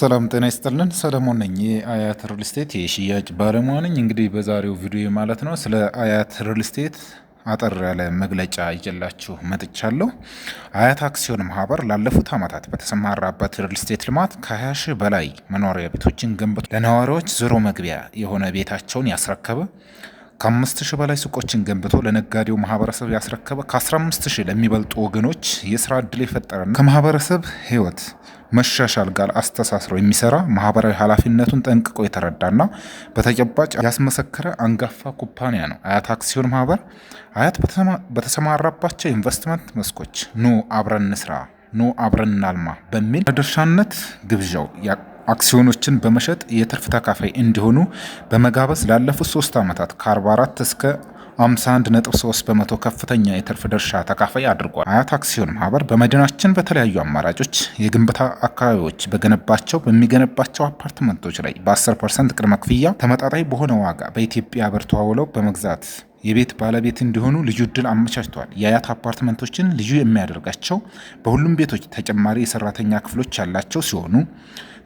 ሰላም ጤና ይስጥልን። ሰለሞን ነኝ የአያት ሪል ስቴት የሽያጭ ባለሙያ ነኝ። እንግዲህ በዛሬው ቪዲዮ ማለት ነው ስለ አያት ሪል ስቴት አጠር ያለ መግለጫ ይዤላችሁ መጥቻለሁ። አያት አክሲዮን ማህበር ላለፉት ዓመታት በተሰማራበት ሪል ስቴት ልማት ከ20 ሺህ በላይ መኖሪያ ቤቶችን ገንብቶ ለነዋሪዎች ዞሮ መግቢያ የሆነ ቤታቸውን ያስረከበ ከአምስት ሺህ በላይ ሱቆችን ገንብቶ ለነጋዴው ማህበረሰብ ያስረከበ ከ15 ሺህ ለሚበልጡ ወገኖች የስራ ዕድል የፈጠረና ከማህበረሰብ ህይወት መሻሻል ጋር አስተሳስሮ የሚሰራ ማህበራዊ ኃላፊነቱን ጠንቅቆ የተረዳና በተጨባጭ ያስመሰከረ አንጋፋ ኩባንያ ነው አያት አክሲዮን ማህበር። አያት በተሰማራባቸው ኢንቨስትመንት መስኮች ኑ አብረን እንስራ፣ ኑ አብረን እናልማ በሚል ድርሻነት ግብዣው አክሲዮኖችን በመሸጥ የትርፍ ተካፋይ እንዲሆኑ በመጋበዝ ላለፉት ሶስት ዓመታት ከ44 እስከ 51.3 በመቶ ከፍተኛ የትርፍ ድርሻ ተካፋይ አድርጓል። አያት አክሲዮን ማህበር በመዲናችን በተለያዩ አማራጮች የግንባታ አካባቢዎች በገነባቸው በሚገነባቸው አፓርትመንቶች ላይ በ10 ፐርሰንት ቅድመ ክፍያ ተመጣጣኝ በሆነ ዋጋ በኢትዮጵያ ብር ተዋውለው በመግዛት የቤት ባለቤት እንዲሆኑ ልዩ እድል አመቻችተዋል። የአያት አፓርትመንቶችን ልዩ የሚያደርጋቸው በሁሉም ቤቶች ተጨማሪ የሰራተኛ ክፍሎች ያላቸው ሲሆኑ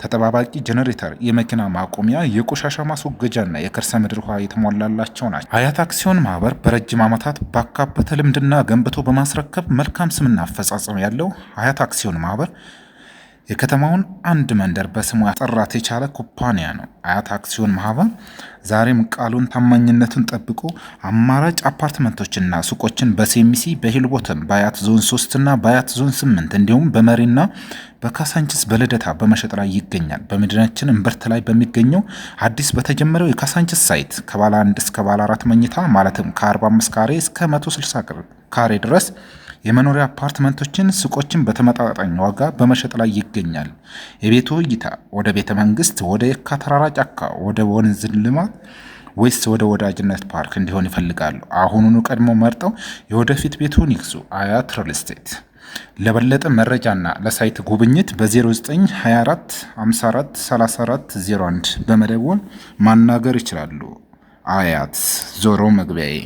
ተጠባባቂ ጀነሬተር፣ የመኪና ማቆሚያ፣ የቆሻሻ ማስወገጃና የከርሰ ምድር ውሃ የተሟላላቸው ናቸው። አያት አክሲዮን ማህበር በረጅም ዓመታት ባካበተ ልምድና ገንብቶ በማስረከብ መልካም ስምና አፈጻጸም ያለው አያት አክሲዮን ማህበር የከተማውን አንድ መንደር በስሙ ያጠራት የቻለ ኩባንያ ነው አያት አክሲዮን ማህበር። ዛሬም ቃሉን ታማኝነቱን ጠብቆ አማራጭ አፓርትመንቶችና ሱቆችን በሴሚሲ በሂልቦትም በአያት ዞን 3 እና በአያት ዞን 8 እንዲሁም በመሪና በካሳንችስ በልደታ በመሸጥ ላይ ይገኛል። በመዲናችን እምብርት ላይ በሚገኘው አዲስ በተጀመረው የካሳንችስ ሳይት ከባለ አንድ እስከ ባለ አራት መኝታ ማለትም ከ45 ካሬ እስከ 160 ካሬ ድረስ የመኖሪያ አፓርትመንቶችን፣ ሱቆችን በተመጣጣኝ ዋጋ በመሸጥ ላይ ይገኛል። የቤቱ እይታ ወደ ቤተ መንግስት፣ ወደ የካ ተራራ ጫካ፣ ወደ ወንዝ ልማት ወይስ ወደ ወዳጅነት ፓርክ እንዲሆን ይፈልጋሉ? አሁኑኑ ቀድሞ መርጠው የወደፊት ቤቱን ይግዙ። አያት ሪል ስቴት። ለበለጠ መረጃና ለሳይት ጉብኝት በ0924 54 01 በመደወል ማናገር ይችላሉ። አያት ዞሮ መግቢያዬ